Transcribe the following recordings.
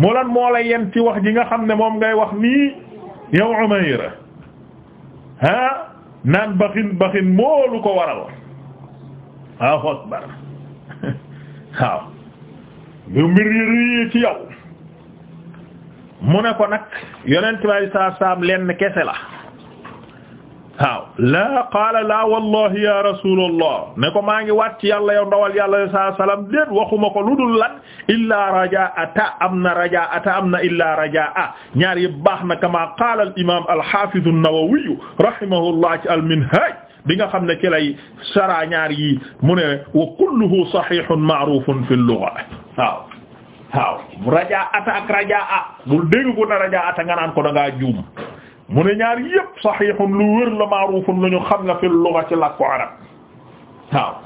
mu lan moo la yen ci wax ji nga xam ne moom ngay wax nii yow Umayr ah naan baxin baxin moolu ko waral waaw akbar waaw lu mbir yi ci yow mu ne ko nag yonent bay saa saam lenn kese la waaw laa qaala laa wallahi ya rasulullah ne ko maa ngi waat ci yàlla yow ndawal yàlla alai salat salam déet waxuma ko lu dul lan illaa rajaata am na rajaata am na illaa rajaa ñaar yëpp baax na kama qaala al imam alhafidu an-nawawi rahimahullah ci al-minhaj bi nga xam ne ci lay sara ñaar yi mu ne wa kulluhu sahihun ma'rufun fi al-lugha waaw waaw rajaata ak rajaa bul dégg ko na rajaata nga naan ko da ngaa juum mu ne ñaar yépp saxiixun lu wér la maarufun lu ñu xam la fi lugha ci làkku arab waaw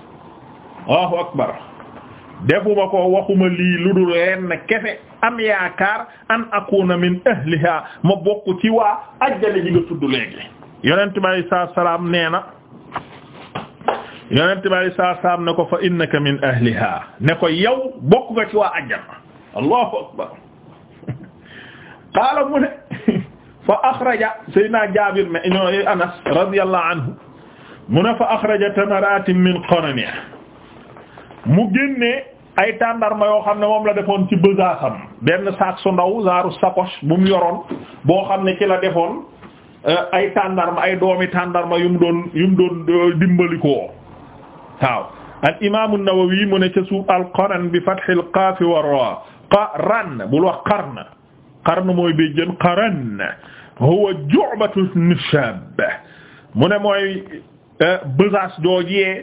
Allahu akbar defuma ko waxuma lii lu dul lenn kese am yaakaar an akuna min ahliha ma bokk ci waa ajjale ji nga tudd léegi yonent bi alayhi salaatu salaam nee na yonent bi alayhi salaatu salaam ne ko fa innaka min ahliha ne ko yow bokk nga ci waa ajjana Allahu akbar qaala mu ne fa axraja Seydina Jaabir ma ñoo Anas radiyallahu anhu mu ne fa axraja tamaratin min qarniha mu génnee ay tàndarma yoo xam ne moom la defoon ci besaasam benn saak su ndaw zaaru sacoche bu mu yoroon boo xam ne ci la defoon eh, ay tàndarma ay doomi tàndarma yu mu doon yu mu doon eh, dimbalikoo waaw al imaamu Nawawi mu ne ca suuf al qaran bi fathil qaaf wa ra qaran bul wax qarn qarn mooy béjjën qaran huwa ju'batu nishab mu ne mooy eh, besace joojee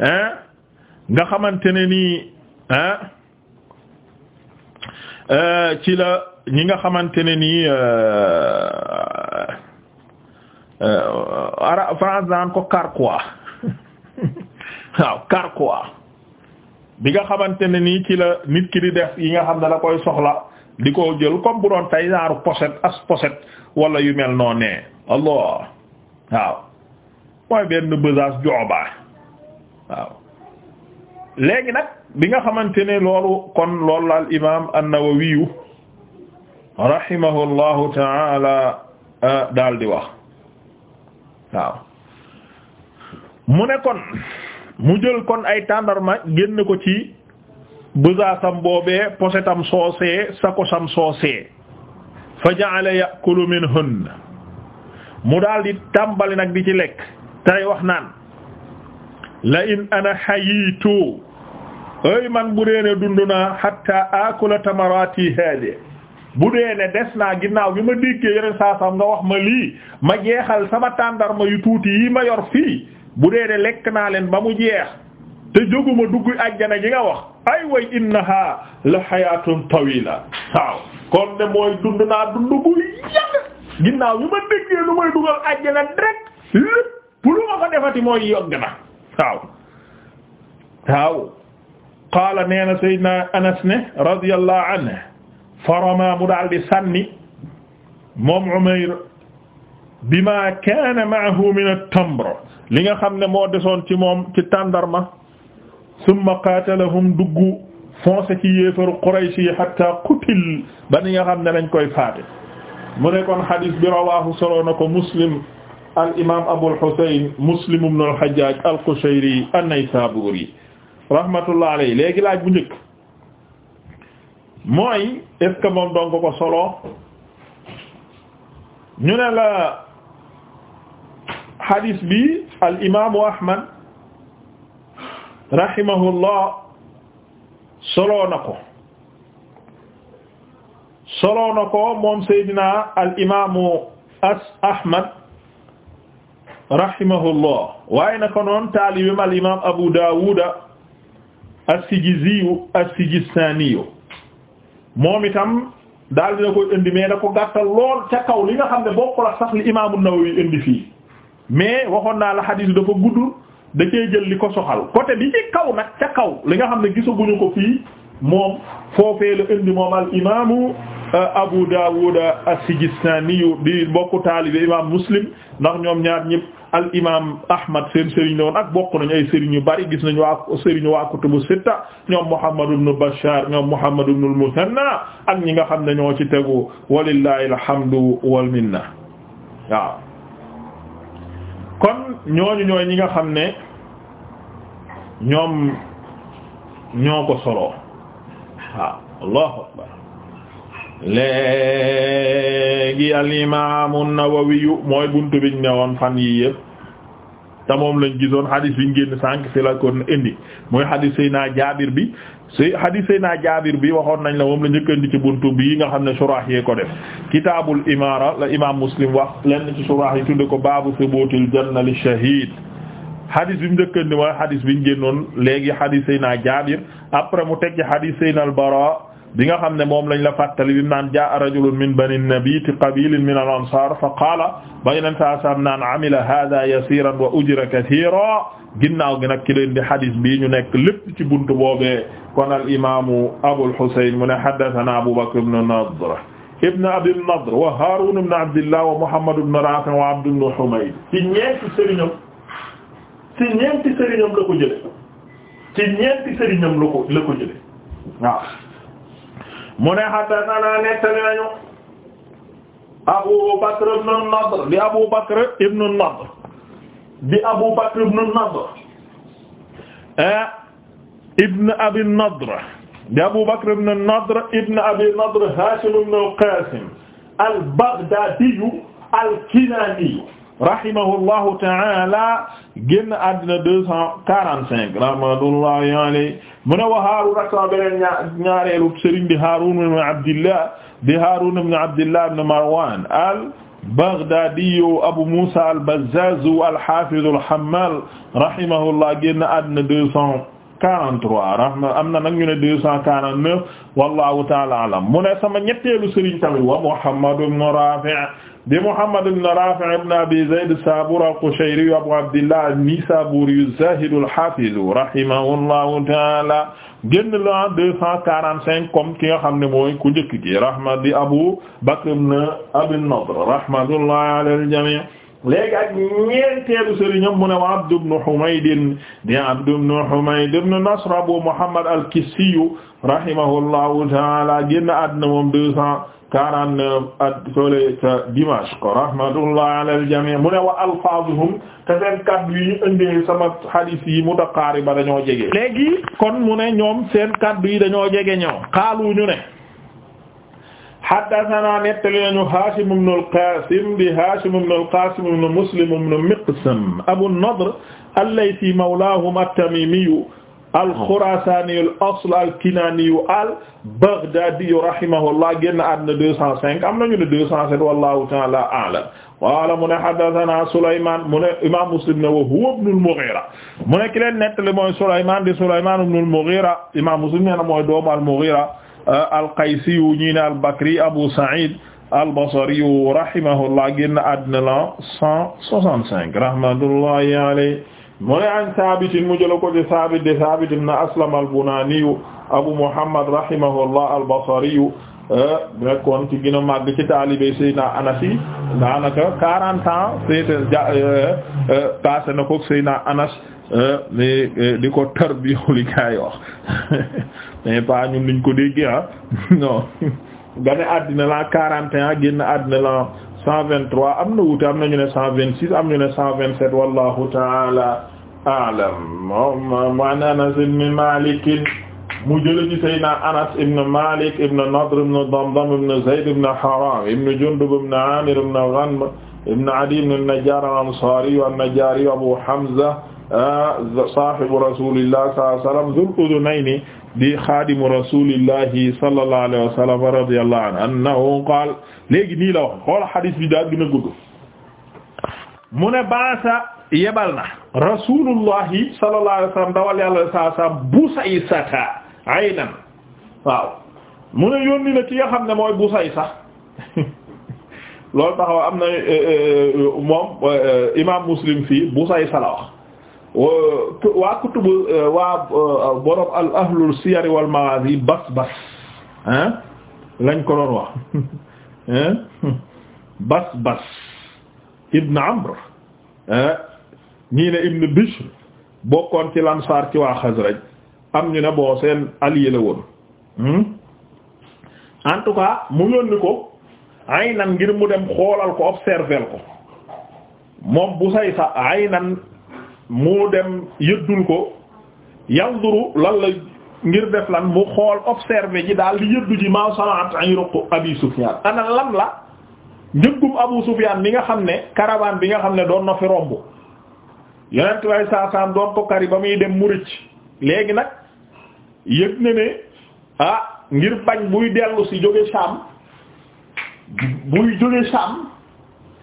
ah nga xamante ne nii ah ci la ñi nga xamante ne nii ara France naan ko carquois waaw carquois bi nga xamante ne nii ci la nit ki di def yi nga xam ne la koy soxla di ko jël comme bu doon tay naaru pochette as pochette wala yu mel noonu nee allah waaw mooy benn besace joobaa waaw léegi nag bi nga xamante ne loolu kon loolu la al imaam an-Nawawi taala euh, daal wax waaw mu ne kon mu jël kon ay tàndarma génn ko ci bësaasam boobee posetam soosee sakosam soosee fa ja'ala ya'kulu minhun mu daal di tàmbali nag di ci lekk tey wax naan la in ana hayitu ay man bu dee ne dund naa hatta akula tamarati hadi bu dee ne des naa ginnaaw bi ma déggee yeneen saasam nga wax ma lii ma jeexal sama tàndarma yu tuuti yi ma yor fii bu dee ne lekk naa leen ba mu jeex te jóguma dugg àjjana gi nga wax ay way innaha la hayatun tawila waaw kon ne mooy dund naa dund bu yàgg ginnaaw bi ma déggee lu may dugal àjjana direct lépp ma ko defati mooy yogg na waaw waaw qaala nee na sayyidina anas ne radiyallahu anhu farama mu daal di sànni moom umayr bima kaana ma'ahu min at-tamr li nga xam ne moo desoon ci moom ci tàndarma summa qatalahum dugg foncé ci yéefaru Quraysh yi hatta qutil ba ni nga xam ne lañ koy faate mu ne kon hadis bi rawahu solo na ko Muslim al imam Abul Husayn Muslim ibn al Hajjaj al Qushayri an-Naysaburi rahmatullah alayhi léegi laaj bu njëkk mooy est ce que moom donc ko solo ñu ne la hadis bi al imaamu Ahmad rahimahullah soloo na ko soloo na ko moom Seydina al imaamu as Ahmad rahimahullah waaye na ko noon taalibim al imaam Abu Daawuda as-Sijiziyu as-Sijistaaniyu moom itam daal dina koy indi mais da ko gàttal lool ca kaw li nga xam ne bokkul ak sax li imaamu Nawawi indi fii mais waxoon naa la xadiis dafa gudd. da cee jël li ko soxal côté bi ci kaw nag ca kaw li nga xam ne gisaguñu ko fii moom foofee la indi moom al imaamu euh, Abu Dawud as-Sijistani di bokku taalibe imaam Muslim ndax ñoom ñaar ñëpp al imaam Ahmad seen sëriñ la woon ak bokk nañu ay sëriñ yu bari gis nañu waa sëriñu waa kutubu sitta ñoom Muhammad ibn Bashar ñoom Muhammad ibn al-Muthanna ak ñi nga xam ne ñoo ci tegu walillahi alhamdu wal minna waaw. ñooñu ñooy ñi nga xam ne ñoom ñoo ko soloo waaw allahu akbar léegi al imaamu Nawawi mooy buntu biñ ne woon fan yi yëpp te moom lañ gisoon hadis biñ génn sànq fi la ko indi mooy hadis Seydina Jaabir bi si hadis Seydina Jaabir bi waxoon nañ la moom la njëkkandi ci buntu bii nga xam ne surah yee ko def kitaabul imaara la imaam Muslim wax lenn ci surah yi ko baabu subuutil janna li shahiid hadis bi mu njëkkandi mooy hadis bi ñu génnoon léegi hadis Seydina Jaabir après mu teg ci hadis Seydina al-Baraa bi nga xam ne moom lañ la fàttali bi mu naan jaa rajulun min bani nabiti qabilin min al ansar fa qaala ba yeneen saa saam naan amila hada yasiran wa ujra katira ginnaaw gi nag ki bi di hadis ñu nekk lépp ci buntu boobee kon al imaamu abul husayn mu ne haddathana abu bakr ibn nadr ibn abi nadr wa harun wa muhammad ibn rafi wa abd ibn humayd ci ñeenti sëriñam ci ñeenti sëriñam la ko jële ci mu ne haddathana nettali nañu Abu Bakr ibn an-Nadr di Abu Bakr ibn an-Nadr di Abu Bakr ibn an-Nadr eh, ibn Abi an-Nadr di Abu Bakr ibn an-Nadr ibn Abi an-Nadr Hashim ibn al-Qasim al-Baghdadi al-Kinani rahimahullahu ta'ala génn àddina deux cent quarante cinq rahmatullahi alayhi mu ne wa Haarun ak sama beneen ñaareelu sëriñ di Haarun ibn Abdillah di Haarun ibn Abdillah ibn Marwan al-Baghdadi Abu Musa al-Bazzaz al-Hafiz al-Hammal rahimahullah génn àddina deux cent quarante-trois rahma am na nag ñu ne deux cent quarante-neuf wallahu ta'ala alam mu ne sama ñetteelu sëriñ tamit wa Muhammad ibn Rafi' di Muhammad ibn Rafi' ibn Abi Zayd as-Sabur al-Qushayri Abu Abdillah an-Nisaburi az-Zahid al-Hafiz rahimahullahu ta'ala génn la deux cent quarante cinq comme ki nga xam ne mooy ku njëkk gi rahma di Abu Bakr ibn Abi Nadr rahmatullahi ala al-jami' léegi ak ñeenteelu sëriñam mu ne wa Abd ibn Humayd di Abd ibn Humayd ibn Nasr Abu Muhammad al-Kissi rahimahullahu ta'ala génn àddina moom deux cent 49 at sole ca Dimashq rahmatullah ala al-jami' mu ne wa alfaazuhum te seen kaddu yi ñu indee sama hadith yi mutaqaariba dañoo jege. léegi kon mu ne ñoom seen kaddu yi dañoo jege ñoom xaalu ñu ne haddathana nettali nañu Hashim ibn al-Qasim bi Hashim ibn al-Qasim ibn Muslim ibn Miqsam Abu an-Nadr al-Laythi mawlahum at-Tamimi al-Khurasani al-asl al-Kinani al-Baghdadi rahimahullah génn àddina deux cent cinq am nañu ne deux cent sept wallahu ta'ala a'lam qaala mu ne haddathana Souleymane mu ne imaam Muslim ne wa huwa ibn al-Mughira mu ne ki leen nettali mooy Souleymane di Souleymane ibn al-Mughira imaam Muslim nee na mooy doomu al-Mughira al-Qaysi ñii ne al-Bakri Abu Sa'id al-Basri rahimahullah génn àddina la cent soixante-cinq rahmatullahi alayhi mu ne an mu jëla ko ci Saabit de Saabit ibn Aslam al-Bunaaniyu Abu Muhammad rahimahullah al-Basriyu euh, nekkoon ci gën a màgg ci taalibe Seydina Anas yi daanaka quarante ans féete ja euh, euh, passé na ko Seydina Anas di ko tarbiya li gaa yi wax mais pas ñun niñ ko déggee ah. gane àddina la quarante ans génn àddina la 123 am na wuute am nañu ne 126 am ñu ne 127 wallahu taala a'lam moom an Anas ibn Malik mu jële ci Seydina Anas ibn Malik ibn Nadr ibn Damdam ibn Zayd ibn Haram ibn Jundub ibn Amir ibn Ghanm ibn Adi ibn an-Najjar al-Ansari an-Najjari Abu Hamza ah, sahibu Rasulillah sallallahu alayhi wa sallam dhul udunayni di xaadimu rasulillahi sallallahu alayhi wa sallam radiyallahu anhu annahu qaal léegi nii la wax xool xadis bi daal gën a gudd mu ne baasa yebal na rasulullahi sallallahu alayhi wa sallam dawal yàlla saa saa Busaysata aynan waaw mu ne yónni na ki nga xam ne mooy Busaysa loolu taxaw am na eh, eh, eh, moom imaam Muslim fii Busaysa la wax waa kutubu euh, waa euh, borom al ahlul siyar wal maghazi bas bas hein lañ ko doon wax hein bas bas ibn amr hein ñii ne ibn bishr bokkoon ci lansaar ci waa xasraj am ñu ne boo seen allié la woon hmm. en tout cas mu yónni ko aynan ngir mu dem xoolal ko observer ko moom bu say sa aynan mu dem yëddul ko yanzuru lan la ngir def lan mu xool observé ji daal di yëddu ji ma sana'at ayruq abi sufyan ana lan la njëggum abu sufyan bi nga xam ne caravane bi nga xam ne doon na fi romb yonent way saasaan doon ko kari ba muy dem mu rëcc léegi nag yëg na ne ah ngir bañ buy dellu si jóge Sham buy jóge Sham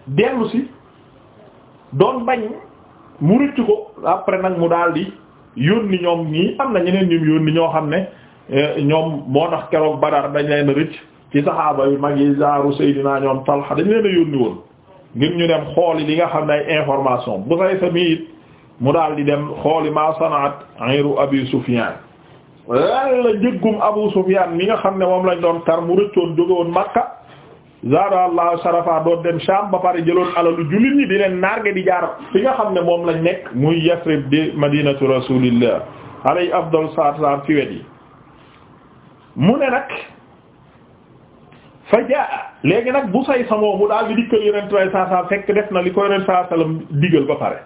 dellu si doon bañ mu rëcc ko après nag mu daal di yónni ñoom ñii am na ñeneen ñum yónni ñoo xam ne eh, ñoom moo tax keroog Badar dañ leen rëcc ci saxaaba yu mag yi zaaru Seydina ñoom Talha dañ leen a yónni woon ngir ñu dem xooli li nga xam ne ay information bu say sa miit mu daal dem xooli ma sanaat ayru Abi Sufyaan lan la njëggum Abu Sufyaan mi nga xam ne moom lañ doon tar mu rëccoon jóge woon Makka zaada allah sharafa doon dem Sham ba pare jëloon alalu jullit ñi di leen narge di jaar fi nga xam ne moom lañ nekk muy Yasrib di madinatu rasulillah alayhi afdal saat saat fi wet yi mu ne nag fa léegi nag bu say samoo mu daal di dikkal yonent way saa fekk def na li ko yonent saa digal ba pare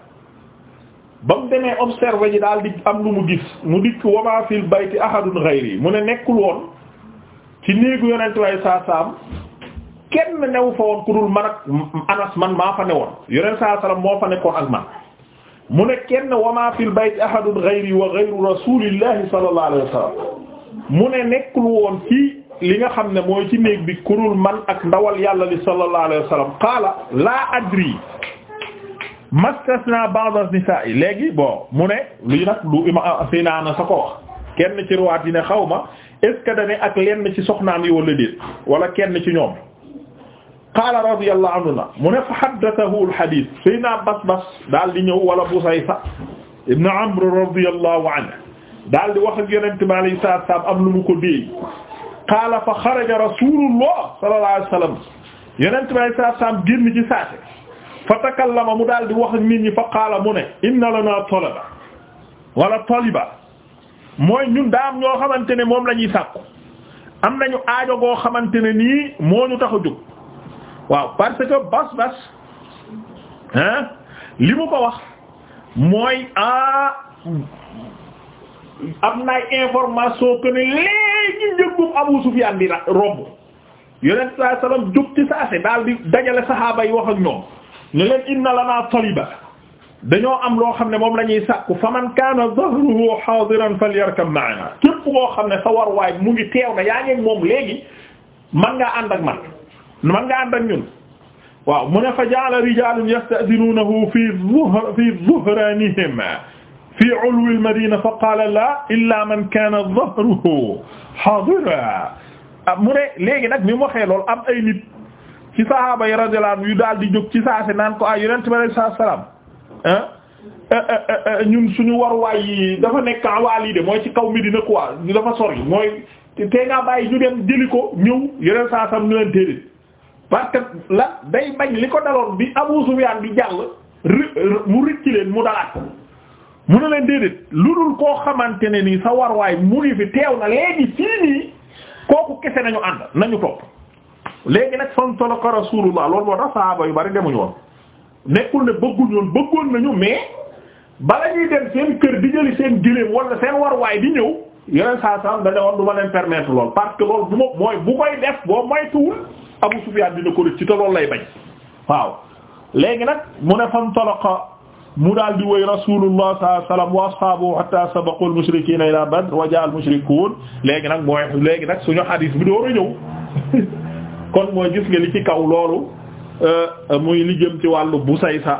ba mu demee observé yi daal di am lu mu gis mu dikk wama fil bayti ahadun ghayri mu ne nekkul woon ci néegu yonent way saa kenn new fa woon ku man ak anas man maa fa newoon yoneen saa salaam moo fa nekkoon ak man mu ne kenn wa ma fil bayt ahadun ghayri wa ghayru rasulillahi sallallahu alayhi wa mu ne nekkul woon ci li nga xam ne mooy ci néeg bi ku dul man ak ndawal yàlla li sallallahu alayhi wa sallam qaala laa adri mastasna ba'd an-nisa'i léegi bon mu ne lii nag lu ima ah, seyna anas sa ko wax kenn ci ruwaat yi ne xawma ma est ak lenn ci soxnaam yi wala wala kenn ci ñoom qaala radiyallahu anhu na mu ne fa haddathahu al-hadith Seydina Bas Bas daal di ñëw wala Busayfa ibn Amr radiyallahu anhu daal di wax ak Yonent bi alayhi salaatu salaam am lu mu ko déey qaala fa xaraja rasulullah sallallahu alayhi wasallam Yonent bi alayhi salaatu salaam génn ci saate fa takallama mu daal di wax ak nit ñi fa qaala mu ne inna lanaa talaba wala taliba mooy ñun daa am ñoo xamante ne moom la ñuy sàkku am nañu aajo goo xamante ne nii moo ñu tax a jóg waaw parce que bas bas hein li mu ko wax mooy ah am naay information que ne léegi njëggum Abu Sufyaan di la romb yonent saa sallam jóg ci daal di dajale saxaaba yi wax ak ñoom ne leen inna lanaa taliba dañoo am loo xam ne moom la ñuy sàkku fa man kaana dhahruhu haadiran falyarkab ma'ana képp koo xam ne sa war mu ngi teew na yaa ngeeg moom léegi man ngaa ànd ak man man nga ànd ñun waaw mu ne fa ja'ala rijalun yasta'dinunahu fi fi zuhranihim fi ulwi al-madina fa qala la illa man kana dhahruhu hadira ah, mu ne nag mi mu waxee lool am ay nit ci sahaaba yi radiyallahu anhu yu daal di jóg ci saase naan ko ay ah, yonent bi alayhi salaam ah, ñun suñu waruwaay yi dafa nekk awaal ci kaw Medina quoi dafa sori mooy te ko ñëw yeneen parce la day bañ li ko daloon bi Abu Sufyaan bi jàll mu rëcci leen mu dalaat ko mu ne leen déedéet lu dul koo xamante ne nii sa warwaay mu ngi fi teew na léegi fii nii kooku kese nañu ànd nañu topp léegi nag fantalaka Rasulullah loolu moo tax sahaaba yu bari demuñu woon nekkul ne bëgguñu bëggoon nañu mais bala ñuy dem seen kër di jëli seen gëléem wala seen warwaay di ñëw yeneen saa saa da ne woon du ma leen permettre lool parce que loolu bu ma mooy bu koy def boo moytuwul Abu Sufyaan dina ko rëcc ci te loolu lay bañ waaw. léegi nag mu ne fan talaqa mu daal di woy Rasulullah sallallahu alayhi wasallam wa ashaabu hatta sabaqu al-mushrikiina ila Badr wa jaa al-mushrikuun léegi nag mooy léegi nag suñu hadith bi door a ñëw kon mooy gis nga li ci kaw loolu euh, muy li jëm ci wàllu busaysa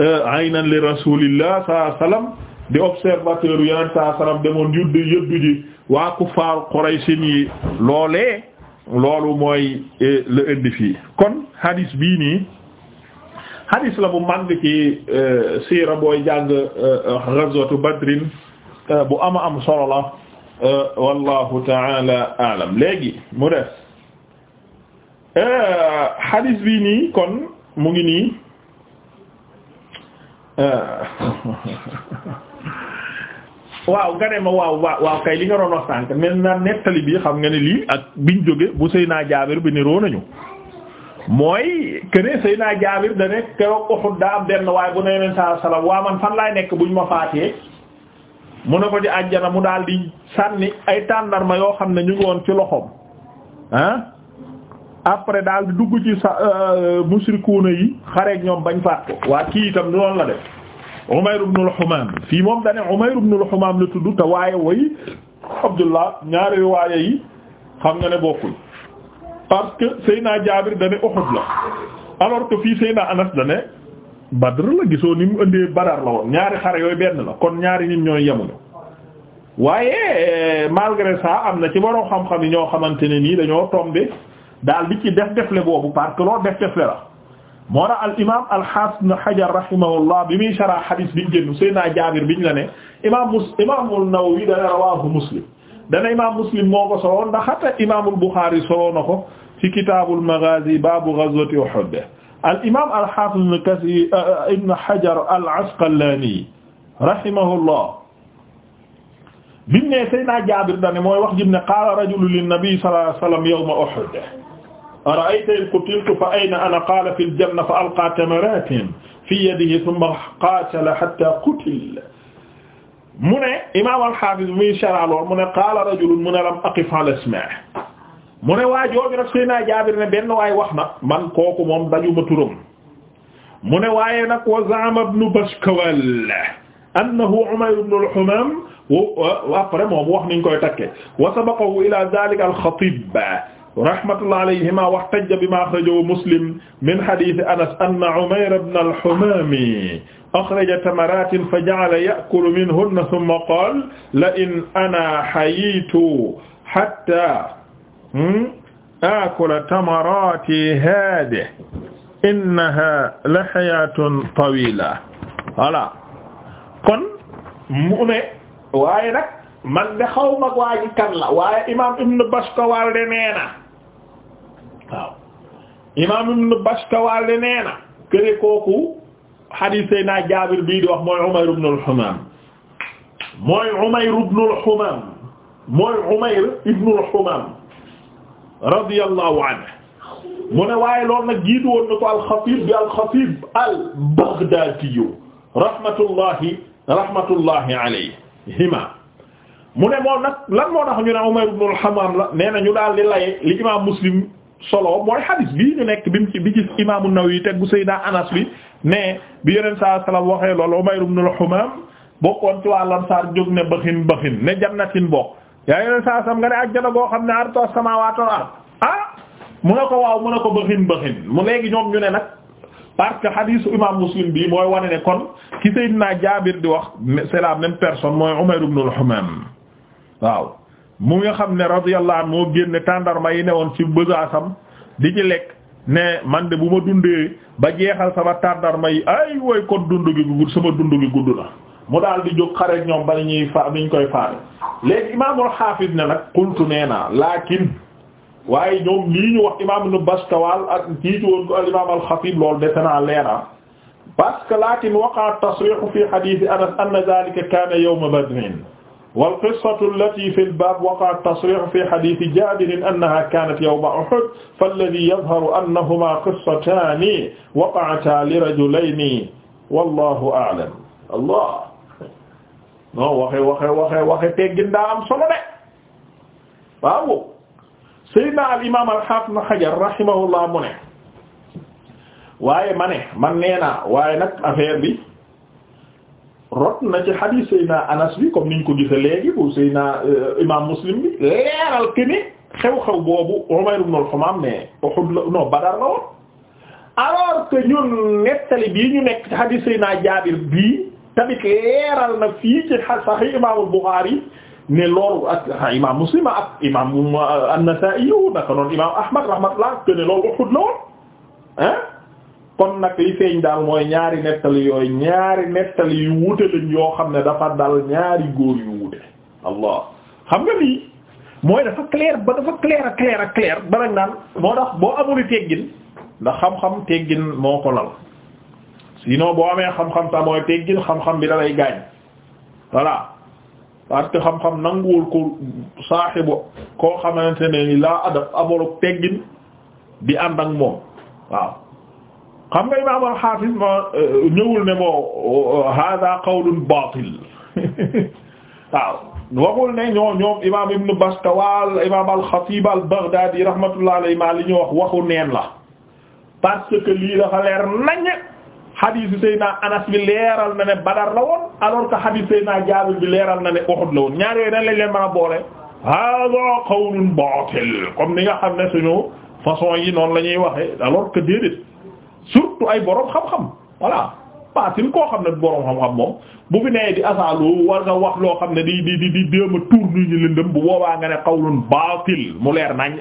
euh, aynan li Rasulillah sallallahu alayhi wasallam di observateur yeneen saa saram demoon yuddu yëddu ji waa kufaar Quraysin yi loolee loolu mooy e, la indi fii kon hadis bii nii hadis la bu màgg ci e, siira booy jàng e, ghazwatu badrin bu ama am solo la wallahu taala alam léegi mu def hadis bii kon mu ngi nii Ah. waaw nga ne ma waaw waaw kay li nga doon wax sànq mais na nettali bi xam nga ne lii ak biñ jóge bu sëy naa Jaabir bi niroo nañu mooy que sëy naa Jaabir da nekk keroog Uhud daa benn waaye bu ne Yonent saa waa man fan laay nekk buñ ma faatee mu ne ko di àjjana mu daal di sànni ay tàndarma yoo xam ne ñu ngi woon ci loxoom ah. après daal di dugg ci sa euh, musrikuuna yi xareeg ñoom bañ faat ko waa kii itam noonu la def Umayr ibn al-Humam fii moom dane Umayr ibn al la tudd te waaye way Abdullah ñaari waaye yi xam nga ne bokkul parce que Seyna Jaabir dane Uhud la alors que fii Seyna Anas dane Badr la gisoo ni mu indee Badar la woon ñaari xare yooyu benn la kon ñaari nit ñooy yemuñu waaye malgré ça am na ci borom xam-xam yi ñoo xamante ne nii dañoo tombé daal di ci def defle boobu parce que loolu def defle la moo tax al imaam al haafis ibn Hajar rahimahullah bi muy sarah hadis biñ génn Seydina Jaabir biñ la ne imaam mus imaamul Nawawi dana rawaahu Muslim dana imaam Muslim moo ko soloon ndax hatta imaamul Buxaari soloo na ko ci kitaabul Maghaazi baabu ghazwati Uhud al imaam al haafis ibn Kasiir eh, ibn Hajar al Asqalaani rahimahullah biñ ne Seydina Jaabir dana mooy wax jim ne qaala rajulun linnabi sallallahu alayhi wa sallam yawma Uhud ara'ayta in qutiltu fa ayna ana qaala fil janna fa alqaa tamaratin fi yadihi thumma qaatala hatta qutila mu ne imaam al-Haafiz muy shara lool mu ne qaala rajulun mu ne lam aqif ala ismihi mu ne waa jooju nag Seydina Jaabir ne benn waay wax na man kooku moom daju ma turam mu ne waaye nag wa za'ama ibnu Bashkawal annahu Umayr ibnu al-Humaam après moom wax niñ koy takke wa sabaqahu ila zaalika al-Xatiib rahmatullah alayhima waxtajja bima axrajahu muslim min hadiisi anas anna umayr ibn al-humaami axraja tamaratin fa ja'ala ya'kulu minhunna thumma qaala la in ana hayiitu hatta aakula hmm, tamaraati haadihi innahaa la hayaatun tawiila voilà kon mu ne waaye nag man de xaw ma waa ji kan la waaye imaam Ibn Bashkawal de nee na waaw imaam ibn Bashkawaale nee na këre kooku hadith Seydina Jaabir bii di wax mooy Umayr ibn al-Humam mooy Umayr ibn al-Humam mooy Umayr ibn al-Humam radiyallahu anhu mu ne waaye loolu nag jiitu woon na ko al-Khatib bi al-Khatib al-Baghdadi rahmatullahi rahmatullahi alayhima mu ne moom nag lan moo tax ñu ne Umayr ibn al-Humam la nee na ñu daal di laye li imaam Muslim solo mooy hadis bii ñu nekk bi mu ci bi ci imaamu Nawawi teggu Seydina Anas bi ne bi yeneen saa salaam waxee loolu Umayr ibn al-Humam bokkoon ci waa Lansaar jóg ne baxin baxin ne jannatin bokk yaa yeneen saa salaam nga ne àjjana goo xam ne ardu as-samaawaatu wal ard ah mu ne ko waaw mu ne ko baxin baxin mu léegi ñoom ñu ne nag parce que hadisu imam Muslim bii mooy wane ne kon ki Seydina Jaabir di wax c'est la même personne mooy Umayr ibn al-Humam waaw mu nga xam ne radiyallahu anhu moo génne tàndarma yi ne newoon ci bësaasam di ci lekk ne man de bu ma dundee ba jeexal sama tàndarma yi ay woy kon dund gi gudd sama dund gi gudd na mu daal di jóg xare ñoom ba ñuy fa niñ koy faare léegi imaamul xaafis ne nag qultu nee naa laakin waaye ñoom lii ñu wax imaam nu Bastawal ak jiitu woon ko al imaam al-Xatiib loolu defe naa leera parce que laakin waqa tasriixu fi xadiisi Anas anna zaalika kaana yawma badrin والقصة التي في الباب وقع التصريح في حديث جابر أنها كانت يوم أحد فالذي يظهر أنهما قصتان وقعتا لرجلين والله أعلم الله non waxe waxe waxe waxe teggin daa am solo de waaw Seydina al imaam al haafiz Hajar rahimahullah mu ne waaye ma ne man nee naa waaye nag affaire bi rot na ci hadith Seyna Anas bi comme niñ ko gise léegi bu Seyna euh, imam Muslim bi leeral ke ni xew-xew boobu Umayr ibn al-Hammam ne Uhud la non Badar la woon alors que ñun nettali bii ñu nekk ci hadith Seyna Jaabir bii tamit leeral na fii ci Sahih imam al-Bukhari ne loolu ak imam Muslim ak imam euh, an-Nasa'i naka noonu imam Ahmad rahmatullah que ne loolu Uhud la kon nag li feeñ daal mooy ñaari nettali yooyu ñaari nettali yu wute lañ yoo xam ne dafa dal ñaari góor yu wute allah xam nga lii mooy dafa clair ba dafa clair ak clair ak clair moo tax boo amul teggin ndax xam-xam teggin moo ko lal sinon boo amee xam-xam sax mooy teggin xam-xam bi da lay gaañ voilà parce que xam-xam nanguwul ko saaxibu koo xamante ne ni laa adab amul teggin bi ànd ak moom waaw xam nga imaam al-Hafiz ma euh, ñëwul ne moo euh, hada qawlun batil waaw waxul ne ñoo ñoom imaam Ibn Bastawal imaam al-Khatib al-Baghdadi rahmatullah alayhi ma li ñu wax waxu neen la parce que lii dafa leer nañ xadiisu Seydina Anas bi leeral na ne Badar la woon alors que xadiisu Seydina Jaabir bi leeral na ne Uhud la woon ñaar yooyu nan lañ leen mën a boole hada qawlun batil comme ni nga xam ne suñu façon yi noonu la ñuy waxe alors que déedéet surtout ay borom xam-xam voilà paasin koo xam ne borom xam-xam moom bu fi nee di asaalu war nga wax loo xam ne di di di di déema tour ñu ñu lëndëm bu boobaa nga ne qawlun baatil mu leer nañ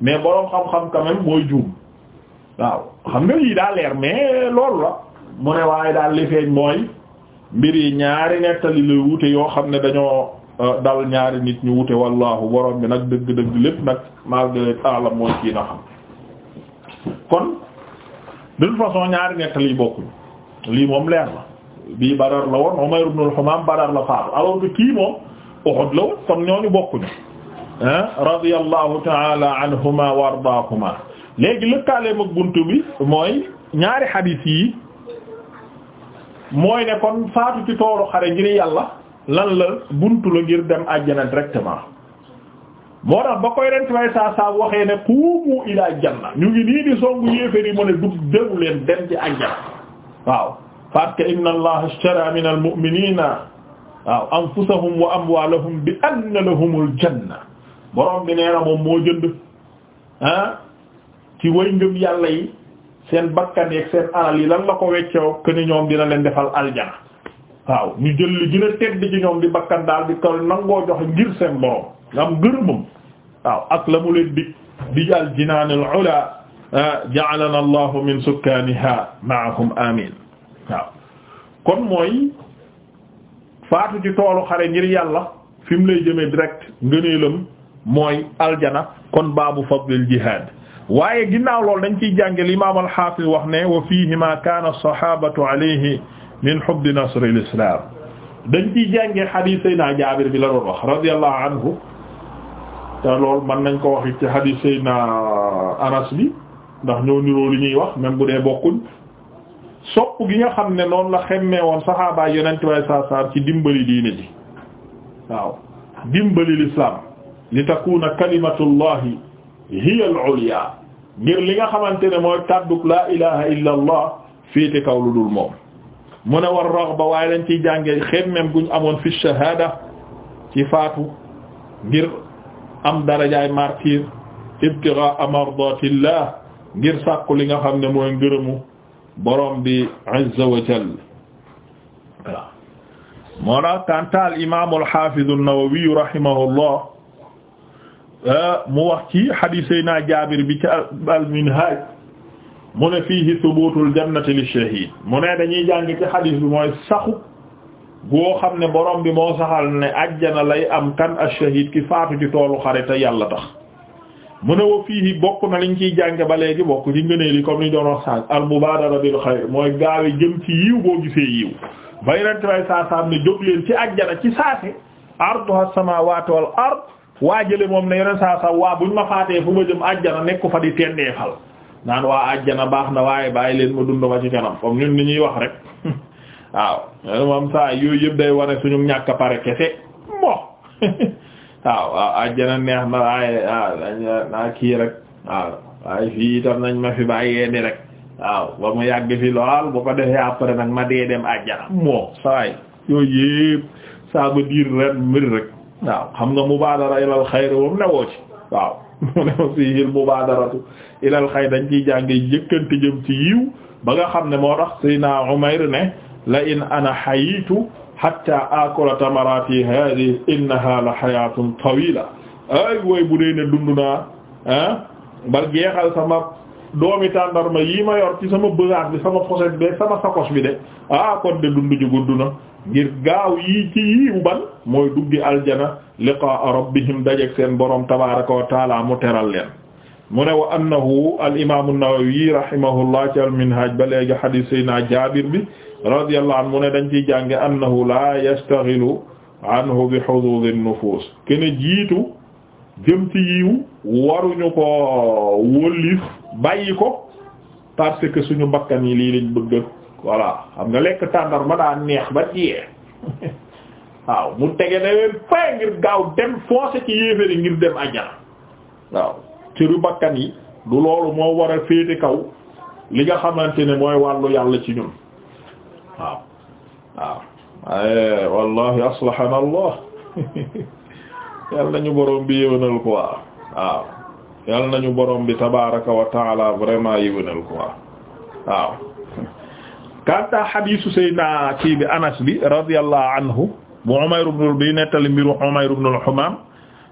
mais borom xam-xam quand même mooy juum waaw xam nga yii daa leer mais loolu la mu ne waaye daal li feeñ mooy mbir yi ñaari nettali la wute yoo xam ne dañoo euh, dal ñaari nit ñu wute wallaahu borom bi nag dëgg-dëgg lépp nag malgré alam mooy kii na xam kon de façon ñaari nettali bokkuñu lii moom leer la bii Badar la woon Umayr ibn al Badar la faatu alors que kii la woon kon ñooñu bokkuñu ah radiyallahu ta'ala anhuma wa ardaahuma léegi lëkkaaleem ak bunt bi mooy ñaari xadiis yi mooy ne kon faatu ci toolu xare ngir yàlla lan la bunt la ngir dem àjjana directement moo tax ba koy rent way saa saa waxee ne quumu ilaa janna ñu ngi nii di songu yéeféri mu ne dug déwu leen dem ci àjjana waaw parce que inna allaha ishtara min almu'minina waaw anfusahum wa amwalahum bi anna lahumul janna borom bi nee na moom moo jënd ah, ci way ngëm yàlla yi seen bakkan yeeg seen alal yi lan la ko weccoo que ni ñoom dina leen defal aljana waaw ñu jël li gën a tedd ci ñoom di bakkan daal di kaw nangoo joxe ngir seen borom nga am gërëmam waaw ak la mu leen dig di jàl jinaanul ula ja'alana allahu min sukkaaniha ma'ahum amin waaw kon mooy faatu ci toolu xare ngir yàlla fi mu lay jëmee direct ngëneelam mooy aljana kon baabu fadlil jihad waaye ginnaaw loolu dañ ciy jàngel imaam al-Hafiz wax ne wa fihima kaana as-sahabatu alayhi min hubbi nasril islam dañ ciy jàngee hadith sayna Jaabir bi la doon wax radiyallahu anhu te loolu mën nañ ko wax ci hadith Seydina Anas bi ndax ñoo niroo li ñuy wax même bu dee bokkuñ sopp gi nga xam ne noonu la xemmee woon saxaabaay yonent way saa saar ci dimbali diine ji dimbali l'islam li takuna kalimatullahi hiya al ngir li nga xamante ne mooy kàdduk laa ilaha illa allah féete kaw lu dul mu ne war raghba waaye lañ ciy jànge xemmem guñ amoon fi shahada ci faatu ngir am darajaay martyr ibtigha amardatillah ngir sàkku li nga xam ne mooy ngërëmu borom bi azza wa jalla voilà moo tax kantaal imaam al-Haafiz an-Nawawi rahimahullah euh, mu wax ci hadiis Seydina Jaabir bi ca al-Minhaaj mu ne fiihi thubuutul jannati lish-shahiid mu ne dañuy jàng ci hadiis bi mooy saxu boo xam ne borom bi moo saxal ne ajjana lay am kan ash-shahid ki faatu ci toolu xare yàlla tax mu ne wa fii bokk na liñ ciy jànge ba léegi bokk ci ngëneel yi comme ni doon wax sànq baa mubaadara bil xayr mooy gaawe jëm ci yiw boo gisee yiw bay rent bay saasaam ne jóg leen ci ajjana ci saasi sama samaawaatu wal ard waa jële moom ne yeneen saasaam waa buñ ma faatee fu ma jëm ajjana nekku fa di tendeefal naan waa ajjana baax na waaye bàyyi leen ma dund ba ñuy wax rek waaw moom saa yooyu yëpp day wane suñu ñàkk pare kese mo waaw waaw àjjana neex na waaye naa kii rek waaw waaye fii itam nañ ma fi bàyyee ni rek waaw ba mu yàgg fi lool bu ko defee après nag ma dee dem àjjana moo saay yooyu yëpp ça veut dire rek waaw xam nga mubaadara ilal xayri moom newoo ci waaw mu ne aussi il mubaadaratu ilal xayri dañ ciy jànge yëkkante jëm ci yiw ba nga xam ne moo tax Seydina Umayr ne la in ana hayitu hatta akula tamarati hadi innaha la hayatun tawila ay wooy bu ne dund naa ah ba sama doomi tàndarma yi ma yor sama besace bi sama pochette bi sama sacoche bi de ah kon de dund ju gaaw yii ci yiiw ban mooy duggi aljana liqaa rabbihim dajeg seen borom tabaraka wa taala mu leen mu wa annahu al imam an-Nawawi rahimahullah ci al minhaj ba léegi hadith sayna Jaabir bi radiyallahu anhu mu ne dañ ciy jànge annahu la yastaghilu anhu bi hududin nufus kene jiitu jëm ci yiw waruñu ko wólif bàyyi ko parce suñu bakkan yi lii lañ bëgg voilà xam nga lekk tàndar ma daa neex ba jiyee waaw mu tege ne leen fay ngir gaaw dem foncé ci yéeféri ngir dem ajjana waaw cëru bakkan yi du loolu moo war a féete kaw li nga xamante ne mooy wàllu yàlla ci ñun aaw waaw ay eh, wallahi aslahana allah yal nañu borom bi yëwénal quoi waaw yal nañu borom bi tabaraka wa taala vraiment yëwénal quoi waaw kanta hadisu saydna kii bi anas bi radiyallahu anhu bu Umayr ibn bi nettali mbiru Umayr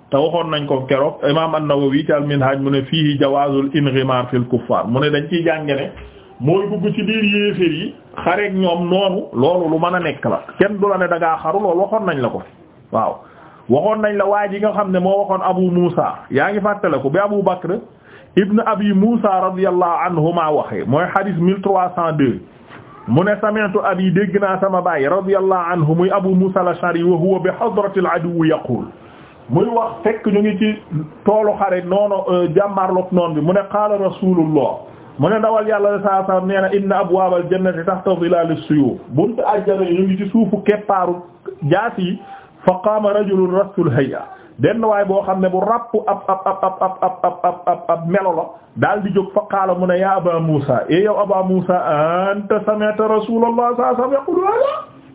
waxoon nañ ko keroog imam an-Nawawi ci al-Minhaj mu ne fiihi jawaazul inghimar fil kuffar mu ne dañ ciy jànge ne mooy dugg ci biir yéeféer yi xareek ñoom noonu loolu lu mën a nekk la kenn du la ne da ngaa xaru loolu waxoon nañ la ko waaw waxoon nañ la waa ji nga xam ne moo waxoon Abu Muusa yaa ngi fàttale ko bi Abu Bakr ibn Abi Muusa radiyallahu anhuma waxee mooy hadis 1302 mu ne sami'tu abi dégg naa sama baay radiyallahu anhu muy Abu Muusa al-Ash'ari wa huwa bi hadratil aduwwi yaqul muy wax fekk ñu ngi ci toolu xare noonu euh, jàmmarloog noonu bi mu ne qaala rasulullah mu ne ndawal yàlla saa saa nee na inna abwaabal jannati tahta zilaali suyuuf buntu àjjana yi ñu ngi ci suufu keppaaru jaas yi fa qaama rajulun rasul hayya benn waay boo xam ne bu ràpp ab ab ab ab ab ab ab melo la daal di jóg fa qaala mu ne yaa Abaa Muusaa e yow Abaa Muusaa anta sami'ta rasuulallaah saa saa yaqulu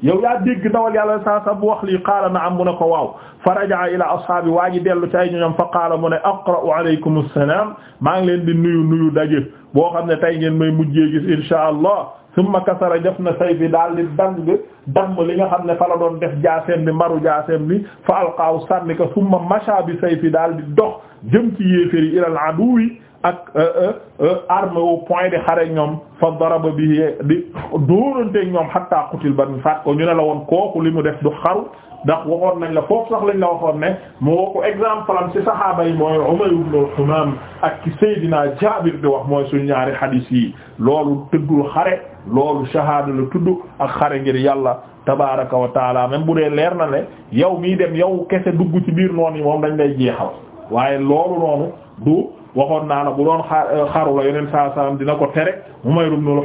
yow yaa dégg ndawal yàlla saa saa bu wax lii qaala na'am mu ne ko waaw fa raja'a ila ashaabi waa ji dellu ci ay ñoñam fa qaala mu ne aqra'u alaykum assalaam maa ngi leen di nuyu nuyu daje. boo xam ne tey ngeen may mujjee gis insha allah summa kasara jaf na say bi daal di dang damm li nga xam ne fa la doon def jaaseem bi maru jaaseem bi fa alqaaw sànni ko summa macha bi say fi daal di dox jëm ci yéeféri ilal aduwi ak euh, euh, euh, arme au point de xare ñoom fa daraba bi di dóorante ñoom hatta qutil ban faat ko ñu ne la woon kooku li mu def du xaru ndax waxoon nañ la foofu sax lañ la waxoon ne mu woo ko exemple am ci saxaaba yi mooy Umayr ibn al-Humam ak ci Seydina Jaabir di wax mooy suñu ñaari xadiis yi loolu tëggul xare loolu shahaada la tudd ak xare ngir yàlla tabaaraka wa taala même bu dee leer na ne yow mii dem yow kese dugg ci biir noon yi moom dañ lay jeexal waaye loolu noonu du waxoon naa la bu doon euh, xaru la yeneen saa salaam dina ko tere Umayr ibn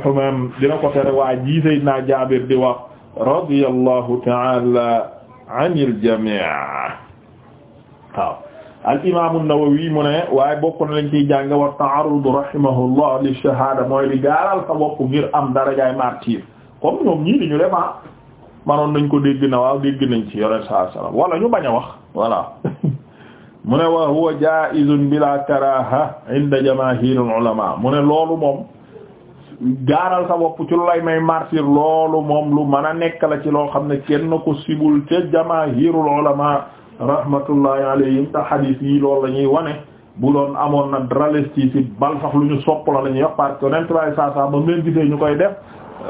ko tere waaye ji Seydina Jaabir di wax radiyallahu taala anil jamii waaw al imaam an-Nawawi mu ne waaye bokk na lañ ciy jàng wa ta'arrud rahimahullah li shahada mooy di gaaral sa ngir am darajaay martyr comme ñoom ñii di ñu dem ah, manoon nañ ko dégg na waaw dégg nañ ci yore saa wala ñu bañ a wax voilà mu ne huwa jaa'izun bila karaaha inda jamaahiril ulama loolu moom. gaaral sa bopp ci lu lay may martir loolu moom lu mën a nekk la ci loo xam ne kenn ko sibul ca jamaahirul ulama rahmatullahi alayhim te hadith yi loolu la ñuy wane bu doon amoon na dralesti ci bal sax lu ñu sopp la la ñuy wax parce que nent way saa saa ba meen gisee ñu koy def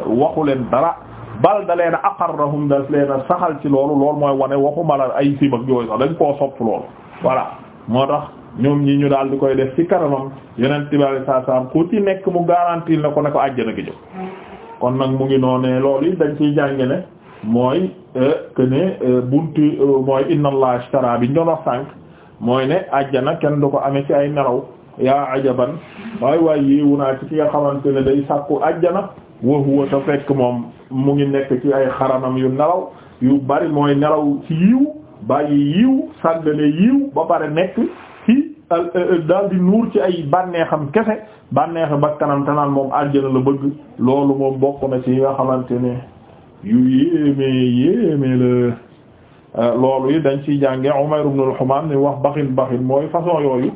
waxu leen dara bal da leen a aqarrahum da leen saxal ci loolu loolu mooy wane waxu mala ay sibak yooyu sax dañ koo sopp loolu voilà moo tax ñoom ñi ñu daal di koy def ci kanamam yeneen tibaale saa saam ku ci nekk mu garanti na ko ne ko àjjana gi jëm kon nag mu ngi noonee loolu dañ ciy jànge ne mooy euh, que ne euh, buntu euh, mooy inna allah ashtara bi ñu doon wax sànq mooy ne àjjana kenn du ko amee ci ay nelaw yaa ajaban waay waay yéewu naa ci ki nga xamante ne day sàkku àjjana wa huwa ta fekk moom mu ngi nekk ci ay xaranam yu nelaw yu bari mooy nelaw ci yiw bàyyi yiw sàggane yiw ba pare nekk Euh, euh, daal di nuur ci ay bànneexam kese bànneexe bakkanam te naan moom àjjana la bëgg loolu moom bokk na ci yi xamante ne yu yéeme yéeme la euh, loolu yi dañ ciy jànge Umayr ibn al-Humam ni wax baxin baxin mooy façon yooyu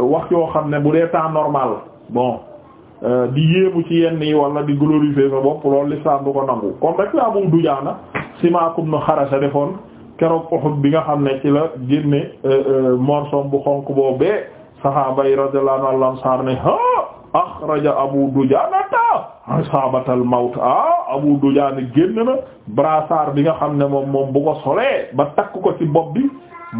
wax yoo xam ne bu dee temps normal bon di yéemu ci yenn yi wala di glorifier sa bopp loolu l'islam du ko nangu comme rek la Abu Dujaana Simaak ibn Xarasa defoon keroog Uhud bi nga xam ne ci la génne euh, euh, morsom bu xonk boobee sahaaba yi radiyallahu anhu ansaar ne ha axraja Abu Dujaanata asaabatal mawt ah Abu Dujaana génn na brassard bi nga xam ne moom moom bu ko solee ba takk ko ci bopp bi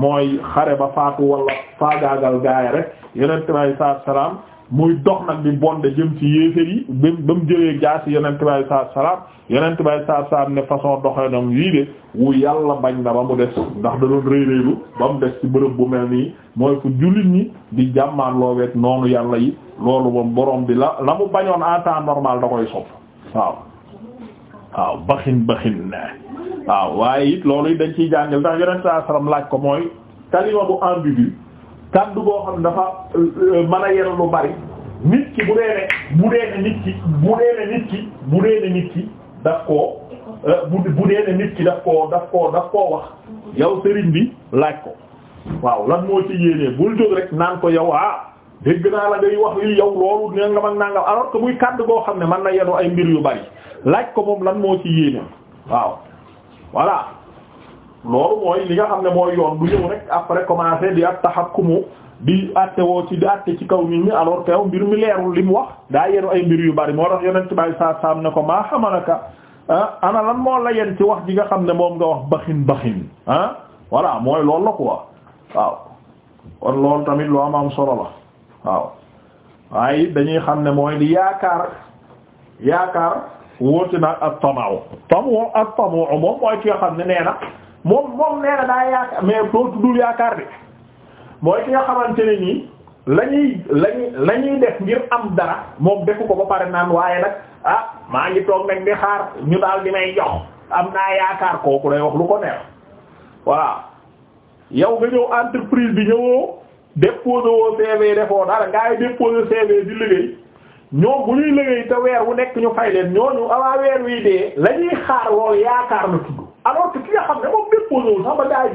mooy xare ba faatu wala faagaagal gaay rek yeneen tamit ay salaam muy dox nag di bonde jëm ci yéeféer yi ba ba mu jëlee jaasi yonent bay salaam yonent bay salaam ne façon doxalinam yii de wu yàlla bañ na ba mu des ndax da doon rëy rëylu ba mu des ci bërëb bu mel nii mooy fu jullit ñi di jàmmaan loo wet noonu yàlla yi loolu moom borom bi la la mu bañoon en temps normal da koy sopp waaw waaw baxin baxin na waaw waaye it loolu dañ ciy jàngil ndax yonent salaam laaj ko mooy kalima bu ambigu kàddu boo xam ne dafa euh, euh, mën a yenu lu bari nit ki bu dee ne bu dee ne nit ki bu dee nit ki bu dee daf koo euh, bu dee nit ki daf koo daf koo daf koo wax yow sëriñ bi laaj ko waaw lan moo ci yéenee bul jóg rek naan ko yow ah dégg naa la day wax lii yow loolu nangam ak nangam alors que muy kàddu boo xam ne man na yenu ay mbir yu bari laaj ko moom lan moo ci yéenee waaw voilà loolu mooy li nga xam ne mooy yoon bu ñëw rek après commencer di at taxakkumu di àtte woo ci di àtte ci kaw nit ñi alors que mbir mi leerul li mu wax daa yenu ay mbir yu bari moo tax yeneen ci bàyyi saa ko maa xamalaka ah ana lan ci wax ji nga xam ne moom nga wax baxin baxin ah mooy loolu la quoi waaw kon tamit lu solo la waaw dañuy xam ne mooy di yaakaar yaakaar wóoti na ak tamaaw tamoo ak tamoo moom mooy ki xam ne nee moom moom nee na daa yaakaar mais doo tuddul yaakaar de mooy ki nga xamante ne nii la ñuy lañuy la def ngir am dara moom defu ko ba pare naan waaye nag ah maa ngi toog nag ni xaar ñu daal di may jox am naa yaakaar kooku lay wax lu ko neex voilà yow nga ñëw entreprise bi ñëwoo déposé woo CV defoo dara ngaa déposé CV di liggéey ñoom bu ñuy liggéey te weer wu nekk ñu fay leen ñooñu avant weer wii dee la ñuy xaar loolu yaakaar la tudd alors ki nga xam ne moom déposé wul sax ba daay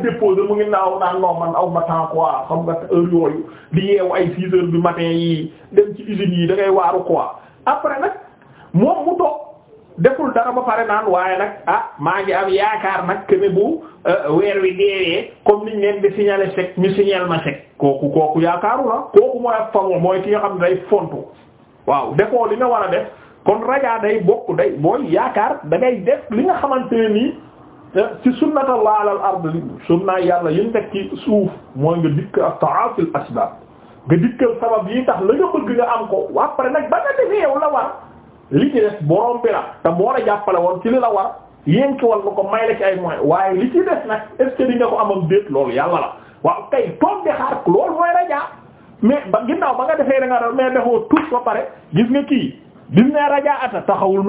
mu ngi naaw naan non man aw ma temps quoi xam nga heure yooyu di yeewu ay six heures du matin yi dem ci usines yi da ngay waaru quoi après nag moom mu toog deful dara ba pare naan waaye nag ah maa ngi am yaakaar nag que ne bu euh, weer wi deewee comme niñ leen di signaler sec ñu signal ma sec kooku kooku yaakaaru la ah. kooku mooy ak famoo mooy ki nga xam ne day fontu waaw defoo li nga war a def kon rajaa day bokk day booy yaakaar da ci sunnatullah ala al ard sunna yàlla yi teg ci suuf mooy nga dikk ak ta'afil asbab nga dikkal sabab yi tax la nga bëgg nga am ko waa pare nag ba nga defee yow la war li ci des borom bi la te moo a jàppale woon ci li la war yénki wal nga ko may la ci ay moyens waaye li ci des nag est ce di nga ko amam déet loolu yàlla la waaw kay toog di xaar loolu mooy rajaa mais ba ginnaaw ba nga defee da nga mais defoo tout ba pare gis nga kii gis ne rajaa ata taxawul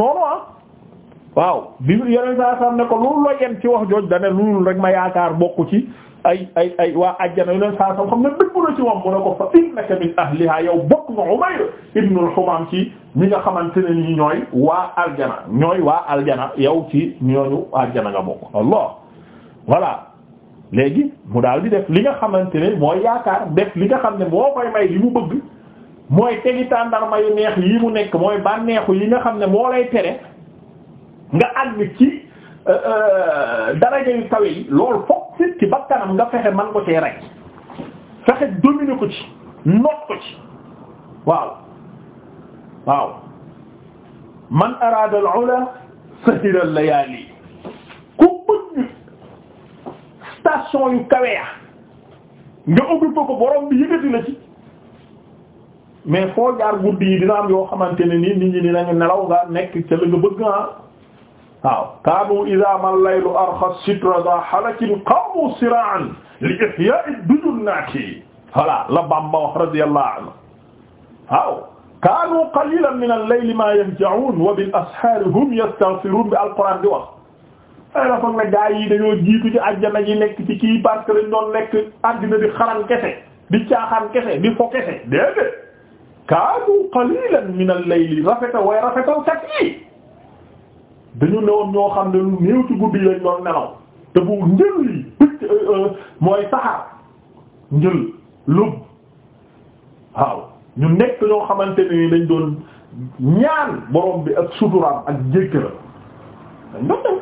waaw bi yeneen saa saam ne ko loolu la yem ci wax jooj dane loolu rek ma yaakaar bokk ci ay ay ay waa ajjana yeneen saa saam xam ne dëggu na ci moom mu ne ko fa innaka min ahliha yow bokk nga Umayr ibnul Humam ci ñi nga xamante ne nii ñooy waa aljana ñooy waa aljana yow ci ñooñu aljana nga bokk Allah voilà léegi mu daal di def li nga xamante ne mooy yaakaar def li nga xam ne moo koy may li mu bëgg mooy tegi tàndarma yu neex yi mu nekk mooy bànneexu yi nga xam ne moo tere nga àgg ci euh, euh, daraja yu kawe yi loolu fokk nit ki bakkanam nga fexe man ko cee rek fexe dominer ko ci noot ko ci waaw waaw man araada al-ula sahira al-layali ku bëgg station yu kawe ya nga occupé ko borom bi yëkkati la ci mais foo jaar guddi yi dina am yoo xamante ne nii nit ñi dinañu nelaw nga nekk ca la nga bëgg ah waaw kaanu idaa ma laylu arxa sitra za halakin qaamu siraan li ihyaa'i dujunnaati voilà la Bamba wax radiyallahu anhu waaw kaanu qaliilan min al-layli maa yahja'uun wa bil ashaari hum yastaghfiruun bi alquran di wax ay la foog ne gaa yi dañoo jiitu ci àjjana ji nekk ci kii parce que dañ doon nekk àddina di xaran kese di caaxaan kese di fo kese déedéet kaanu qaliilan min al-layli rafeta way rafetal kat yi dañu newoon ñoo xam ne lu néew ci guddi lañ doon nelaw te bu njël yi euh, euh, mooy saxaar njël lub waaw ñu nekk ñoo xamante ni dañ doon ñaan borom bi ak suturaam ak jéggalam dañ doon def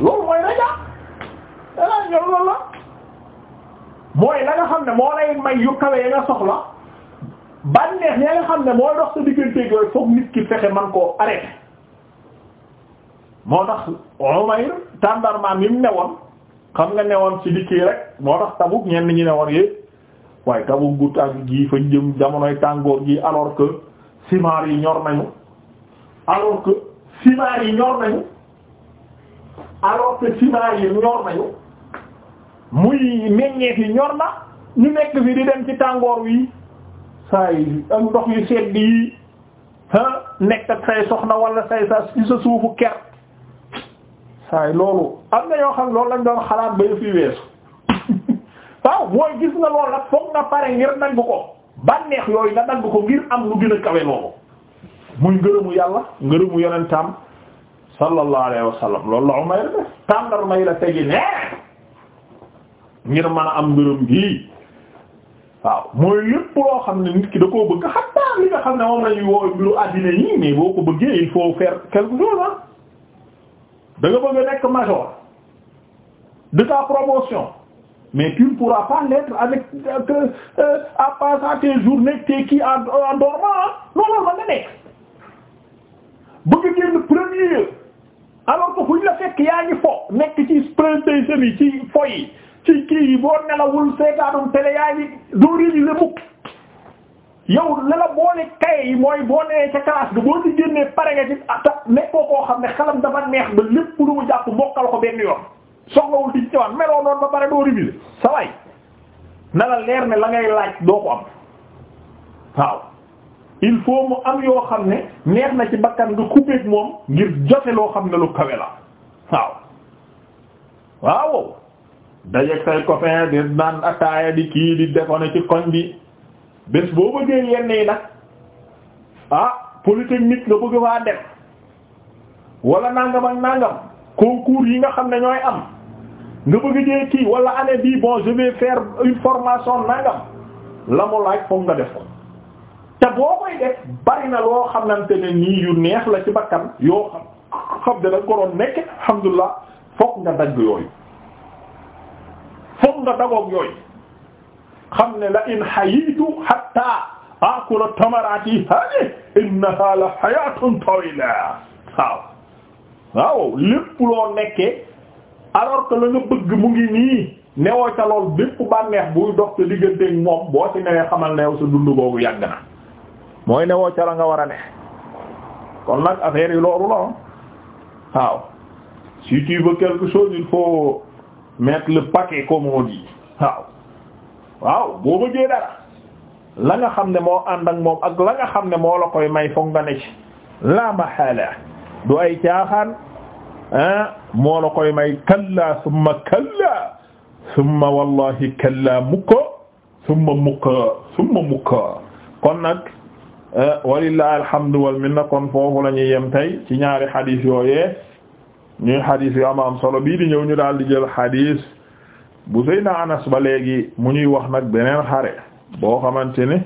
loolu mooy raja daa ñor loolu la mooy la nga xam ne moo lay may yu kawe ya nga soxla bànneex ya nga xam ne moo dox sa digganteeg yooyu foog nit ki fexe man koo arrêté moo tax Umayr tàndarma mi mu newoon xam nga newoon ci dikki rek moo tax Tabuk ñenn ñi newoon yépp waaye Tabuk gu tàng gii fa jëm jamonoy tàngoor gi alors que simaar yi ñor nañu alors que simaar yi ñor nañu alors yi muy meññeef yi ñor na ñu nekk fi di dem ci tàngoor wi saa yi ndox yu sedd yi ah nekk ak say soxna wala say sa ci sa suufu ker saay loolu am na yoo xam loolu lañ doon xalaat ba yëf yi weesu waaw mooy gis nga loolu nag foog nga pare ngir nag ko bànneex yooyu nga dagg ko ngir am lu gën a kawe loolu muy ngërëmu yàlla ngërëmu yonentam sallallahu alayhi wa sallam loolu la Umayr def tàndar may la tegi ne ngir mën a am ngërëm gi waaw mooy lépp loo xam ne nit ki da koo bëgg xatta li nga xam ne moom lañuy woowe mbiru àddina yi mais boo ko bëggee il faut faire quelque chose da nga bëgg a major de ta promotion mais tu ne pourras pas l'être avec euh, euh, à passer tes journées tes kii en dormant non non man nga nekk bëgg a génn premier alors que fu ñu la fekk yaa ngi fo nekk ci sprint yi ci fo yi ci kii yi boo nelawul seetaanum télé yaa ngi doo réaliser mukk yow la la boole kaye yi mooy boo nee ca classe bi boo ci génnee pare nga ci ah ta nekkoo koo xam ne xalam dafa neex ba lépp lu mu jàpp mokkal ko benn yoon soxlawul di ñëwaat meloo noonu ba pare doo réviser sa na la leer ne la ngay laaj doo ko am waaw il faut mu am yoo xam ne neex na ci bakkan nga coupé ak moom ngir jote loo xam ne lu kawe la waaw waaw dajeg say copain di naan ataaya di kii di defone ci koñ bi bés boo bëggee yenn yi nag ah polytechnique nga bëgg faa dem wala nangam ak nangam concours yi nga xam ne ñooy am nga bëgg jee kii wala année bii boo je vais faire formation nangam la mu laaj foog nga def ko te boo koy def bari na loo xamante ne nii yu neex la ci bakkan yoo xam xam ne da nga ko doon nekk alhamdulilah foog nga dagg yooyu foog nga dagoog yooyu. xam ne la in hayitu hatta akula tamarati hadi innaha la hayatun tawila waaw waaw lépp loo nekkee alors que la nga bëgg mu ngi nii newoo ca lool bépp bànneex buy dox te digganteeg moom boo ci newee xamal ne yow sa dund boobu yàgg na mooy newoo ca la nga war a ne kon nag affaire yi loolu la si tu veux quelque chose il faut mettre le paquet comme on dit waaw waaw boo la nga xam ne moo ànd moom ak la nga xam ne moo la koy may foog nga ci la mahala du ay caaxaan ah, moo koy may kalla summa kalla summa wallahi kalla mukka summa mukka summa mukka kon nag eh, walillahi alhamdu wal minna kon foofu la ñuy yem tey ci ñaari xadis yooyee ñuy xadis yu am am solo bii di ñëw ñu daal di jël bu Seydina Anas ba léegi mu ñuy wax nag beneen xare boo xamante ne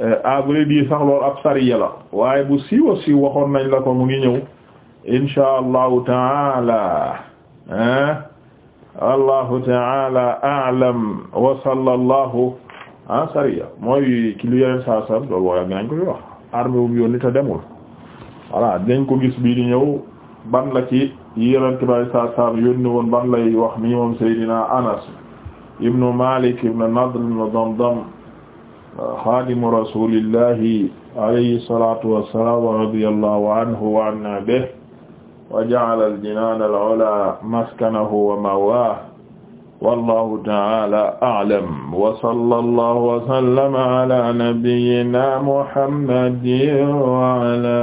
euh, à vrai dire sax loolu ab sariya la waaye bu siiwa siiw waxoon nañ la ko mu ngi ñëw insha allahu taala ah allahu taala a'lam wa sallallahu ah sariya mooy ki lu yeneen saa loolu waaye nañ ko fi wax armée bu yónni te demul voilà dañ ko gis bii di ñëw ban la ci yi yonente bi saa saam yónni woon ban lay wax nii moom Seydina Anas ibnu Malik ibnu Nadr ibnu Damdam xaadimu rasulillahi alayhi salatu wassalam wa radiyallahu anhu wa anna bihi wa ja'ala al-jinaana al-'ulaa maskanahu wa ma'waahu wallahu ta'ala a'lam wa sallallahu wa sallama ala nabiyyina Muhammadin wa ala